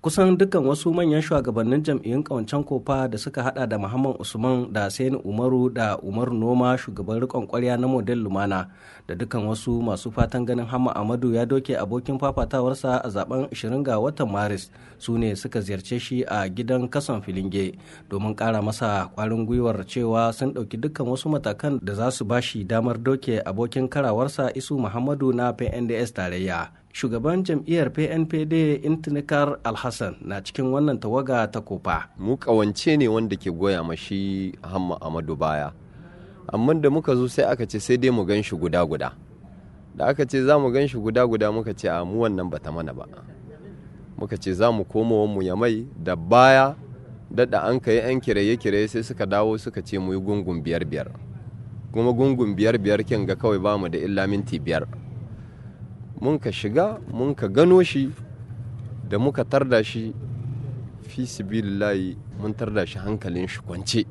kusan dukkan wasu manyan shugabannin jam'iyyun kawancen kofa da suka hada da muhammad usman da Sani umaru da umaru noma shugaban rikon kwarya na model lumana da dukkan wasu masu fatan ganin hama amadu ya doke abokin fafatawarsa a zaben 20 ga watan maris su ne suka ziyarce shi a gidan kasan filinge domin kara masa kwarin gwiwar cewa sun ɗauki dukkan wasu matakan da za su bashi damar doke abokin karawarsa isu muhammadu na pnds tarayya shugaban jam'iyyar pnpd intinikar alhassan na cikin wannan tawaga ta kofa mu kawance ne wanda ke goya mashi hamma amadu baya amma da muka zo sai aka ce sai dai mu gan shi guda guda da aka ce za mu gan shi guda guda muka ce a mu wannan ba ta mana ba muka ce za mu koma mu ya mai da baya daɗa an ka yi 'yan kiraye-kiraye sai suka dawo suka ce mu yi gungun biyar biyar kuma gungun biyar biyar kin ga kawai ba mu da illa minti biyar mun ka shiga mun ka gano shi da muka tarda shi fi sibilillahi mun tarda shi hankalin shi kwance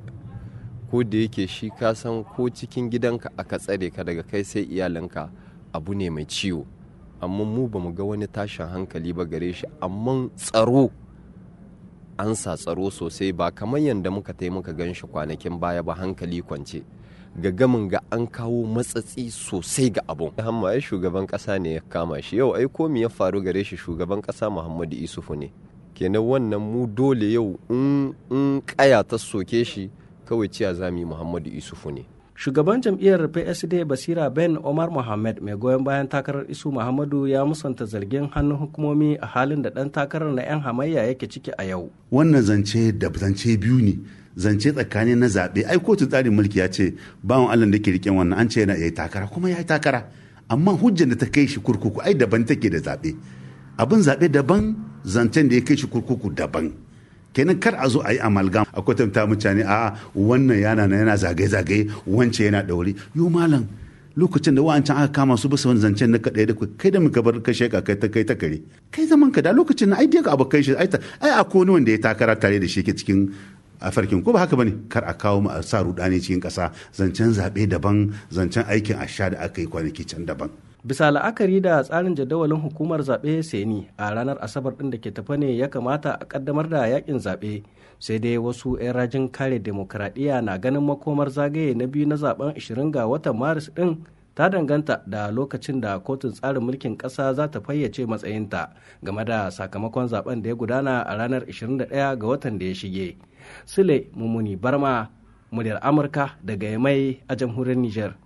ko da yake shi ka san ko cikin gidanka aka tsare ka daga kai sai iyalinka abu ne mai ciwo amma mu ba mu ga wani tashin hankali ba gare shi amma tsaro an sa tsaro sosai ba kamar yadda muka tai gan shi kwanakin baya ba hankali kwance ga gamin ga an kawo matsatsi sosai ga abun hamma shugaban kasa ne ya kama shi yau ai komi ya faru gare shi shugaban kasa muhammadu isufu ne kenan wannan mu dole yau in kaya ta soke shi kawai ciya zami muhammadu isufu ne shugaban jam'iyyar psd basira ben omar mohamed mai goyon bayan takarar isu muhammadu ya musanta zargin hannun hukumomi a halin da dan takarar na 'yan hamayya yake ciki a yau wannan zance da zance biyu ne zance tsakanin na zaɓe ai kotun tsarin mulki ya ce bawan allah da ke riƙen wannan an ce yana iya takara kuma ya yi takara amma hujjar da ta kai shi kurkuku ai daban take da zaɓe abin zaɓe daban zancen da ya kai shi kurkuku daban kenan kar a zo a yi amalgam a kwatanta mutane a wannan yana na yana zagaye-zagaye wance yana ɗauri yo malam lokacin da wa'ancan aka kama su bisa wani zancen na ɗaya da kai da muka bar ka sheka kai ta kai ta kare kai zaman ka da lokacin na ai dai ka abokai shi ai ai a wani wanda ya takara tare da shi ke cikin a farkin ko ba haka bane kar a kawo mu a sa rudani cikin ƙasa zancen zaɓe daban zancen aikin asha da aka yi kwanaki can daban bisa la'akari da tsarin jadawalin hukumar zaɓe seni a ranar asabar ɗin da ke tafa ne ya kamata a ƙaddamar da yakin zaɓe sai dai wasu 'yan rajin kare demokradiyya na ganin makomar zagaye na biyu na zaben 20 ga watan maris ɗin ta danganta da lokacin da kotun tsarin mulkin ƙasa za ta fayyace matsayinta game da sakamakon zaben da ya gudana a ranar 21 ga watan da ya shige. Sule Mumuni Barma, muryar Amurka daga Yamai a jamhuriyar Nijar.